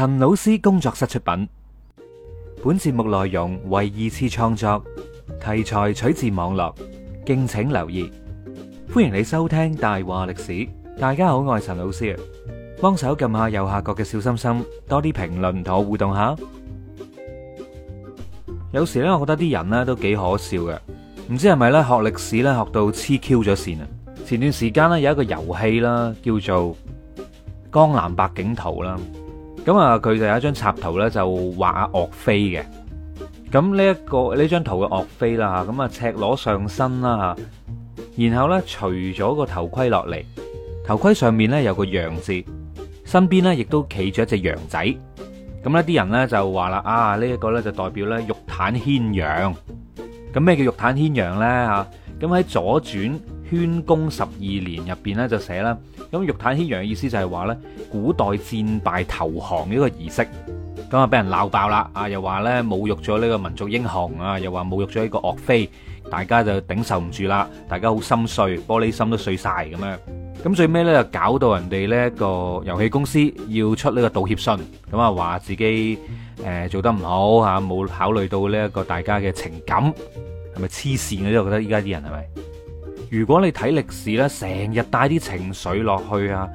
陳老師工作室出品，本節目內容為二次創作，題材取自網絡，敬請留意。歡迎你收聽《大話歷史》，大家好，我係陳老師啊。幫手撳下右下角嘅小心心，多啲評論同我互動下。有時咧，我覺得啲人咧都幾可笑嘅，唔知係咪咧學歷史咧學到痴 Q 咗線啊。前段時間咧有一個遊戲啦，叫做《江南百景圖》啦。咁啊，佢就有一張插圖咧，就畫岳飛嘅。咁呢一個呢張圖嘅岳飛啦，咁啊赤裸上身啦，吓，然後咧除咗個頭盔落嚟，頭盔上面咧有個羊字，身邊咧亦都企住一隻羊仔。咁咧啲人咧就話啦啊，這個、呢一個咧就代表咧肉袒牽羊。咁咩叫肉袒牽羊咧？吓，咁喺左傳。宣公十二年入邊咧就寫啦，咁肉袒牽羊嘅意思就係話呢，古代戰敗投降嘅一個儀式，咁啊俾人鬧爆啦，啊又話呢，侮辱咗呢個民族英雄啊，又話侮辱咗呢個岳飛，大家就頂受唔住啦，大家好心碎，玻璃心都碎晒咁樣，咁最尾呢，就搞到人哋呢一個遊戲公司要出呢個道歉信，咁啊話自己誒做得唔好啊，冇考慮到呢一個大家嘅情感，係咪黐線啊？我覺得依家啲人係咪？是如果你睇歷史咧，成日帶啲情緒落去啊，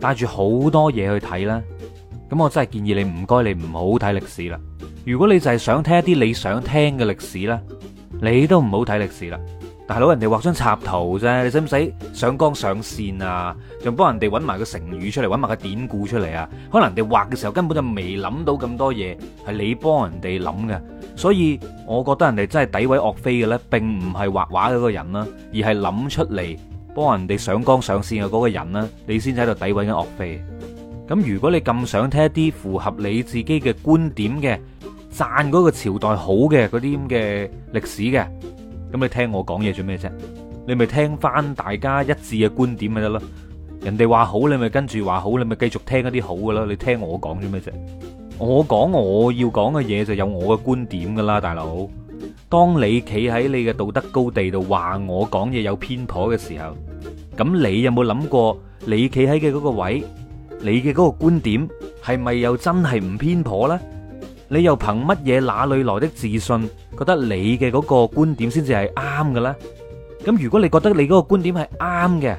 帶住好多嘢去睇咧，咁我真係建議你唔該，你唔好睇歷史啦。如果你就係想聽一啲你想聽嘅歷史咧，你都唔好睇歷史啦。大佬，人哋畫張插圖啫，你使唔使上綱上線啊？仲幫人哋揾埋個成語出嚟，揾埋個典故出嚟啊？可能人哋畫嘅時候根本就未諗到咁多嘢，係你幫人哋諗嘅。所以我覺得人哋真係詆毀岳飛嘅呢，並唔係畫畫嗰個人啦，而係諗出嚟幫人哋上綱上線嘅嗰個人啦，你先喺度詆毀緊岳飛。咁如果你咁想聽一啲符合你自己嘅觀點嘅，讚嗰個朝代好嘅嗰啲咁嘅歷史嘅。咁你聽我講嘢做咩啫？你咪聽翻大家一致嘅觀點咪得咯？人哋話好，你咪跟住話好，你咪繼續聽一啲好嘅咯。你聽我講做咩啫？我講我要講嘅嘢就有我嘅觀點噶啦，大佬。當你企喺你嘅道德高地度話我講嘢有偏頗嘅時候，咁你有冇諗過你企喺嘅嗰個位，你嘅嗰個觀點係咪又真係唔偏頗呢？你又憑乜嘢哪裡來的自信，覺得你嘅嗰個觀點先至係啱嘅咧？咁如果你覺得你嗰個觀點係啱嘅，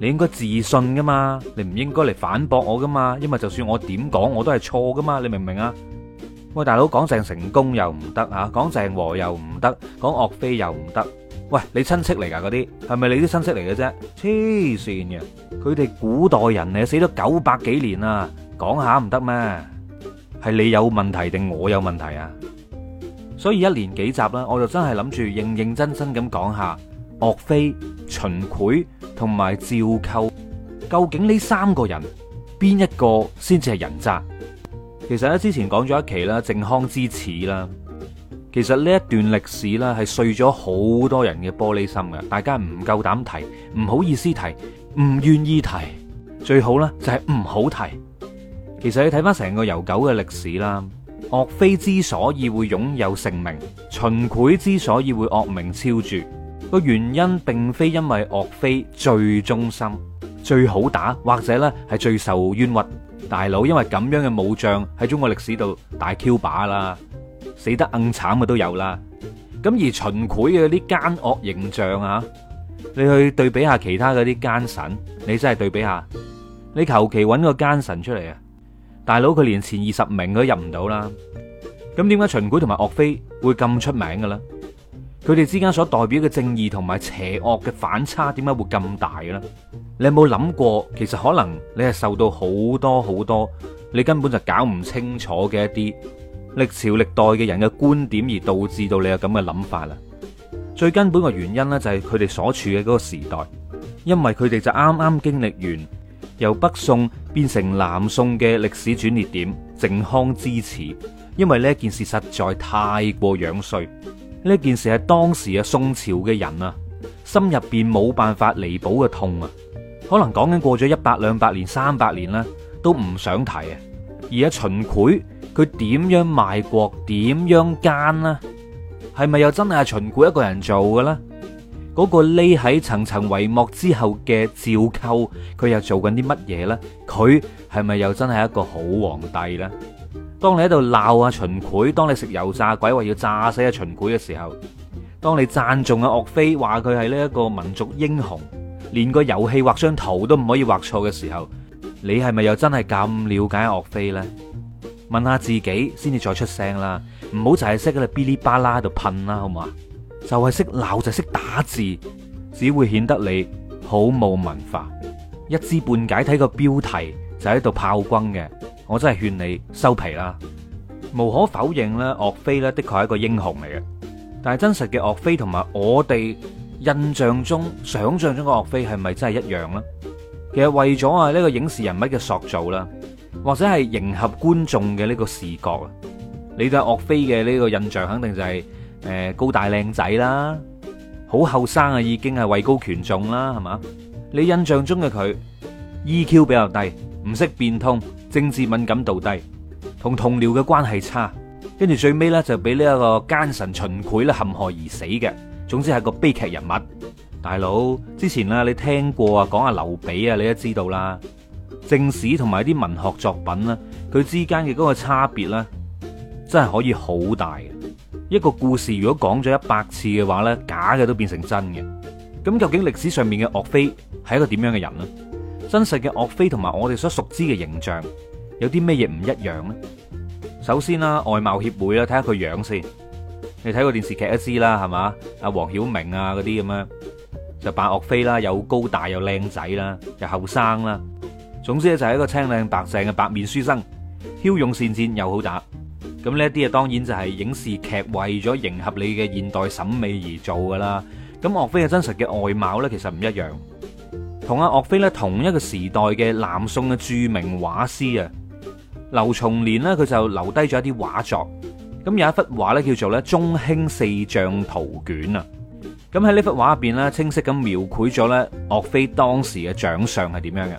你應該自信噶嘛，你唔應該嚟反駁我噶嘛，因為就算我點講，我都係錯噶嘛，你明唔明啊？喂，大佬，講鄭成功又唔得吓，講鄭和又唔得，講岳飛又唔得。喂，你親戚嚟噶嗰啲，係咪你啲親戚嚟嘅啫？黐線嘅，佢哋古代人嚟，死咗九百幾年啦，講下唔得咩？係你有問題定我有問題啊？所以一連幾集啦，我就真係諗住認認真真咁講下岳飛、秦檜同埋趙構，究竟呢三個人邊一個先至係人渣？其實咧之前講咗一期啦，靖康之恥啦，其實呢一段歷史啦係碎咗好多人嘅玻璃心嘅，大家唔夠膽提，唔好意思提，唔願意提，最好咧就係唔好提。其實你睇翻成個悠久嘅歷史啦，岳飛之所以會擁有盛名，秦檜之所以會惡名昭著個原因，並非因為岳飛最忠心、最好打，或者咧係最受冤屈。大佬，因為咁樣嘅武將喺中國歷史度大 Q 把啦，死得硬慘嘅都有啦。咁而秦檜嘅呢奸惡形象啊，你去對比下其他嗰啲奸臣，你真係對比下，你求其揾個奸臣出嚟啊！大佬佢連前二十名都入唔到啦，咁點解秦檜同埋岳飛會咁出名嘅咧？佢哋之間所代表嘅正義同埋邪惡嘅反差，點解會咁大嘅咧？你有冇諗過？其實可能你係受到好多好多，你根本就搞唔清楚嘅一啲歷朝歷代嘅人嘅觀點，而導致到你有咁嘅諗法啦。最根本嘅原因咧，就係佢哋所處嘅嗰個時代，因為佢哋就啱啱經歷完。由北宋變成南宋嘅歷史轉捩點，靖康之恥，因為呢件事實在太過樣衰。呢件事係當時啊宋朝嘅人啊心入邊冇辦法彌補嘅痛啊，可能講緊過咗一百兩百年，三百年咧，都唔想提啊。而家秦檜佢點樣賣國、點樣奸呢？係咪又真係阿秦檜一個人做嘅呢？嗰個匿喺層層帷幕之後嘅趙構，佢又做緊啲乜嘢咧？佢係咪又真係一個好皇帝咧？當你喺度鬧阿秦檜，當你食油炸鬼話要炸死阿、啊、秦檜嘅時候，當你讚頌阿岳飛話佢係呢一個民族英雄，連個遊戲畫張圖都唔可以畫錯嘅時候，你係咪又真係咁了解、啊、岳飛咧？問下自己先至再出聲啦，唔好就係識啦，嗶哩吧啦喺度噴啦，好唔好啊？就係識鬧就識，是、打字，只會顯得你好冇文化，一知半解睇個標題就喺度炮轟嘅，我真係勸你收皮啦！無可否認呢，岳飛呢的確係一個英雄嚟嘅，但係真實嘅岳飛同埋我哋印象中想象中嘅岳飛係咪真係一樣呢？其實為咗啊呢個影視人物嘅塑造啦，或者係迎合觀眾嘅呢個視覺，你對岳飛嘅呢個印象肯定就係、是。誒，高大靚仔啦，好後生啊，已經係位高權重啦，係嘛？你印象中嘅佢 EQ 比較低，唔識變通，政治敏感度低，同同僚嘅關係差，跟住最尾咧就俾呢一個奸臣秦檜咧陷害而死嘅。總之係個悲劇人物。大佬之前啦，你聽過啊，講下劉備啊，你都知道啦。正史同埋啲文學作品咧，佢之間嘅嗰個差別咧，真係可以好大嘅。一個故事如果講咗一百次嘅話咧，假嘅都變成真嘅。咁究竟歷史上面嘅岳飛係一個點樣嘅人呢？真實嘅岳飛同埋我哋所熟知嘅形象有啲咩嘢唔一樣呢？首先啦，外貌協會啦，睇下佢樣先。你睇過電視劇一知啦，係嘛？阿黃曉明啊嗰啲咁樣就扮岳飛啦，又高大又靚仔啦，又後生啦，總之咧就係一個青靚白淨嘅白面書生，驍勇善戰戰又好打。咁呢啲啊，當然就係影視劇為咗迎合你嘅現代審美而做㗎喇。咁岳飛嘅真實嘅外貌呢，其實唔一樣。同阿岳飛呢，同一個時代嘅南宋嘅著名畫師啊，劉松年呢，佢就留低咗一啲畫作。咁有一幅畫呢，叫做呢《中興四將圖卷》啊。咁喺呢幅畫入邊呢，清晰咁描繪咗呢岳飛當時嘅長相係點樣嘅。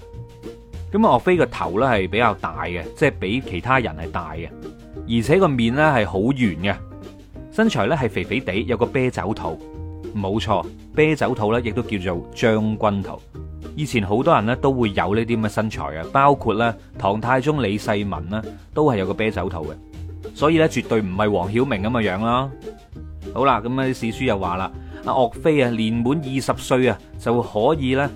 咁岳飛個頭呢，係比較大嘅，即係比其他人係大嘅。而且個面咧係好圓嘅，身材咧係肥肥地，有個啤酒肚。冇錯，啤酒肚咧亦都叫做將軍肚。以前好多人咧都會有呢啲咁嘅身材啊，包括咧唐太宗李世民啦，都係有個啤酒肚嘅。所以咧絕對唔係黃曉明咁嘅樣啦。好啦，咁啊，啲史書又話啦，阿岳飛啊，年滿二十歲啊，就可以咧，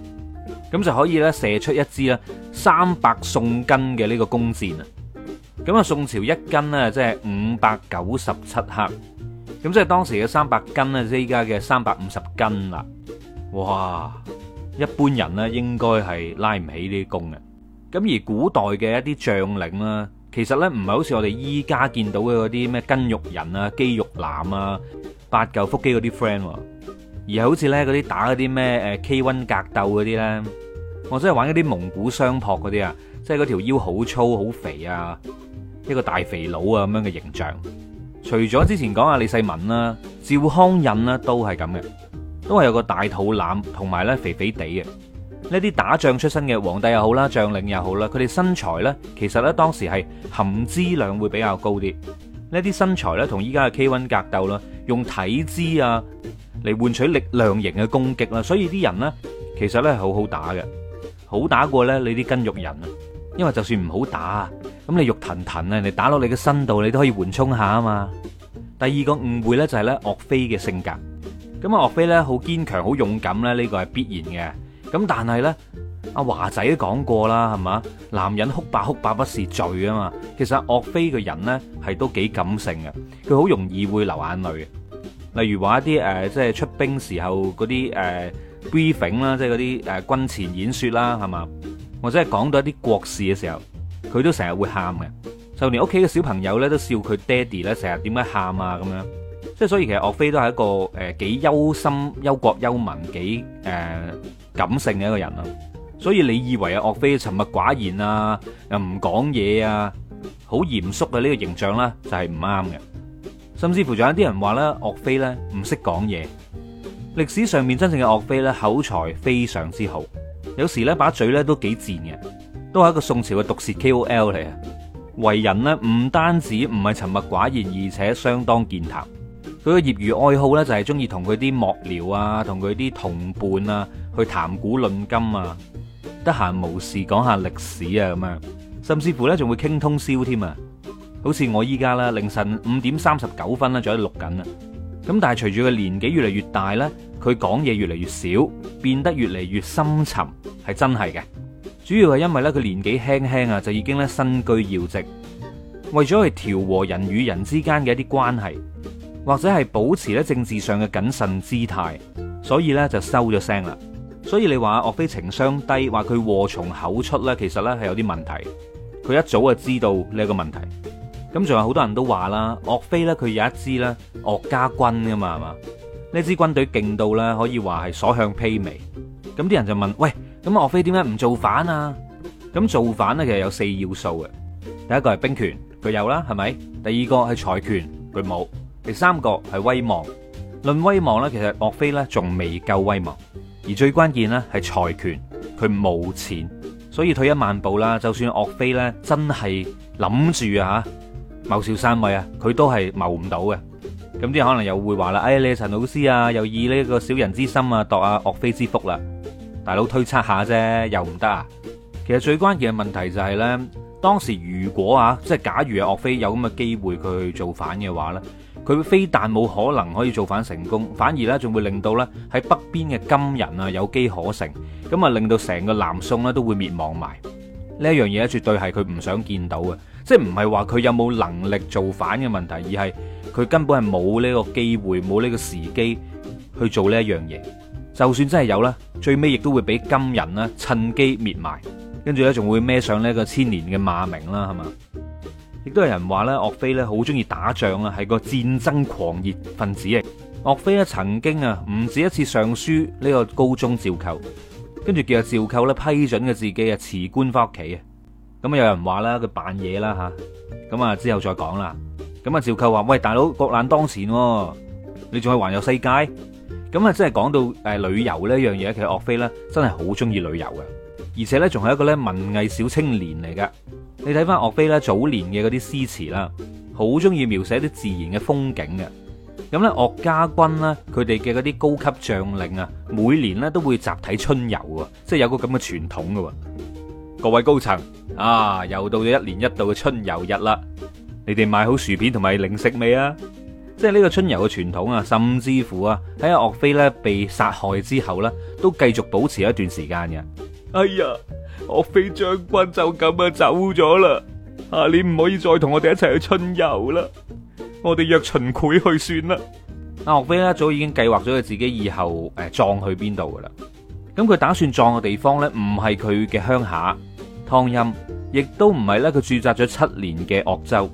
咁就可以咧射出一支咧三百宋斤嘅呢個弓箭啊。咁啊，宋朝一斤咧，即係五百九十七克，咁即係當時嘅三百斤咧，即係依家嘅三百五十斤啦。哇，一般人咧應該係拉唔起呢啲弓嘅。咁而古代嘅一啲將領啦，其實咧唔係好似我哋依家見到嘅嗰啲咩筋肉人啊、肌肉男啊、八嚿腹肌嗰啲 friend，而係好似咧嗰啲打嗰啲咩誒 k 温格鬥嗰啲咧，或者係玩嗰啲蒙古相撲嗰啲啊，即係嗰條腰好粗好肥啊！一個大肥佬啊咁樣嘅形象，除咗之前講阿李世民啦、啊、趙匡胤啦、啊，都係咁嘅，都係有個大肚腩同埋咧肥肥地嘅。呢啲打仗出身嘅皇帝又好啦、將領又好啦，佢哋身材咧，其實咧當時係含脂量會比較高啲。呢啲身材咧，同依家嘅 K1 格鬥啦，用體脂啊嚟換取力量型嘅攻擊啦，所以啲人咧其實咧好好打嘅，好打過咧你啲筋肉人啊，因為就算唔好打。騰騰啊，你打落你嘅身度，你都可以緩衝下啊嘛。第二個誤會咧就係咧岳飛嘅性格，咁啊岳飛咧好堅強、好勇敢咧呢個係必然嘅。咁但係咧阿華仔都講過啦，係嘛？男人哭吧哭吧不是罪啊嘛。其實岳飛嘅人咧係都幾感性嘅，佢好容易會流眼淚。例如話一啲誒、呃，即係出兵時候嗰啲誒 briefing 啦，即係嗰啲誒軍前演說啦，係嘛？或者係講到一啲國事嘅時候。佢都成日會喊嘅，就連屋企嘅小朋友咧都笑佢爹哋咧成日點解喊啊咁樣，即係所以其實岳飛都係一個誒幾憂心憂國憂民幾誒感性嘅一個人啦。所以你以為啊岳飛沉默寡言啊又唔講嘢啊好嚴肅嘅呢個形象啦，就係唔啱嘅，甚至乎仲有啲人話咧岳飛咧唔識講嘢。歷史上面真正嘅岳飛咧口才非常之好，有時咧把嘴咧都幾賤嘅。都係一個宋朝嘅毒舌 KOL 嚟啊！為人呢，唔單止唔係沉默寡言，而且相當健談。佢嘅業餘愛好呢，就係中意同佢啲幕僚啊，同佢啲同伴啊去談古論今啊，得閒無事講下歷史啊咁樣，甚至乎呢，仲會傾通宵添啊！好似我依家啦，凌晨五點三十九分呢，就喺度錄緊啊！咁但係隨住佢年紀越嚟越大呢，佢講嘢越嚟越少，變得越嚟越深沉，係真係嘅。主要係因為咧，佢年紀輕輕啊，就已經咧身居要職，為咗去調和人與人之間嘅一啲關係，或者係保持咧政治上嘅謹慎姿態，所以咧就收咗聲啦。所以你話岳飛情商低，話佢禍從口出咧，其實咧係有啲問題。佢一早就知道呢個問題，咁仲有好多人都話啦，岳飛咧佢有一支咧岳家軍吖嘛，係嘛？呢支軍隊勁到咧，可以話係所向披靡。咁啲人就問：喂？咁岳飛點解唔造反啊？咁造反咧其實有四要素嘅，第一個係兵權，佢有啦，係咪？第二個係財權，佢冇；第三個係威望，論威望咧，其實岳飛咧仲未夠威望。而最關鍵咧係財權，佢冇錢，所以退一萬步啦，就算岳飛咧真係諗住啊謀朝篡位啊，佢都係謀唔到嘅。咁啲人可能又會話啦，哎，你陳老師啊，又以呢個小人之心啊度啊岳飛之腹啦。大佬推測下啫，又唔得啊！其實最關鍵嘅問題就係呢，當時如果啊，即係假如啊，岳飛有咁嘅機會佢去做反嘅話呢，佢非但冇可能可以造反成功，反而呢仲會令到呢喺北邊嘅金人啊有機可乘，咁啊令到成個南宋呢都會滅亡埋。呢一樣嘢咧絕對係佢唔想見到嘅，即係唔係話佢有冇能力造反嘅問題，而係佢根本係冇呢個機會，冇呢個時機去做呢一樣嘢。就算真係有啦，最尾亦都會俾金人啦，趁機滅埋，跟住咧仲會孭上呢個千年嘅罵名啦，係嘛？亦都有人話咧，岳飛咧好中意打仗啊，係個戰爭狂熱分子啊。岳飛咧曾經啊唔止一次上書呢個高宗趙構，跟住叫阿趙構咧批准佢自己啊辭官翻屋企啊。咁有人話啦佢扮嘢啦吓，咁啊之後再講啦。咁阿趙構話：，喂，大佬國難當前，你仲去環遊世界？咁啊，真係講到誒旅遊呢一樣嘢，其實岳飛咧真係好中意旅遊嘅，而且咧仲係一個咧文藝小青年嚟噶。你睇翻岳飛咧早年嘅嗰啲詩詞啦，好中意描寫啲自然嘅風景嘅。咁咧岳家軍咧，佢哋嘅嗰啲高級將領啊，每年咧都會集體春遊啊，即係有個咁嘅傳統噶。各位高層啊，又到咗一年一度嘅春遊日啦，你哋買好薯片同埋零食未啊？即係呢個春遊嘅傳統啊，甚至乎啊，喺阿岳飛咧被殺害之後咧，都繼續保持一段時間嘅。哎呀，岳飛將軍就咁啊走咗啦，啊，你唔可以再同我哋一齊去春遊啦，我哋約秦檜去算啦。阿岳飛咧早已經計劃咗佢自己以後誒葬，呃、去邊度噶啦，咁佢打算葬嘅地方咧，唔係佢嘅鄉下湯陰，亦都唔係咧佢駐紮咗七年嘅鄂州，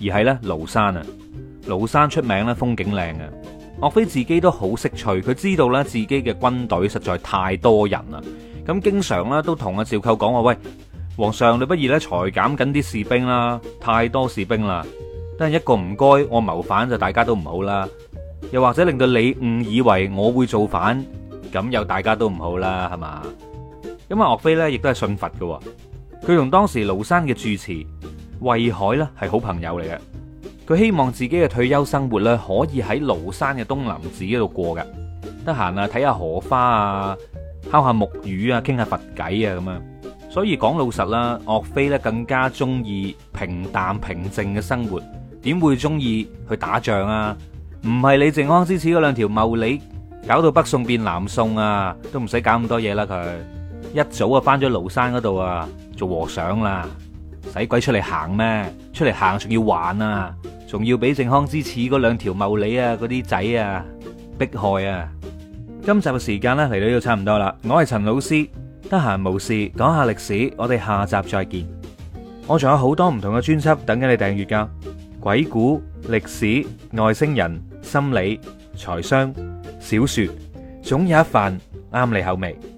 而係咧廬山啊。廬山出名咧，風景靚啊。岳飛自己都好識趣，佢知道咧自己嘅軍隊實在太多人啦，咁經常咧都同阿趙構講話，喂，皇上，你不如咧裁減緊啲士兵啦，太多士兵啦。但係一個唔該，我謀反就大家都唔好啦。又或者令到你誤以為我會造反，咁又大家都唔好啦，係嘛？咁啊，岳飛咧亦都係信佛嘅，佢同當時廬山嘅住持慧海咧係好朋友嚟嘅。佢希望自己嘅退休生活咧，可以喺廬山嘅東林寺嗰度過嘅。得閒啊，睇下荷花啊，敲下木魚啊，傾下佛偈啊咁啊。所以講老實啦，岳飛咧更加中意平淡平靜嘅生活，點會中意去打仗啊？唔係李靖康之恥嗰兩條茂利，搞到北宋變南宋啊，都唔使搞咁多嘢啦。佢一早啊，返咗廬山嗰度啊，做和尚啦，使鬼出嚟行咩？出嚟行仲要玩啊！仲要俾靖康之恥嗰兩條茂利啊，嗰啲仔啊迫害啊！今集嘅時間咧嚟到都差唔多啦，我係陳老師，得閒無事講下歷史，我哋下集再見。我仲有好多唔同嘅專輯等緊你訂閱噶，鬼故、歷史、外星人、心理、財商、小說，總有一瓣啱你口味。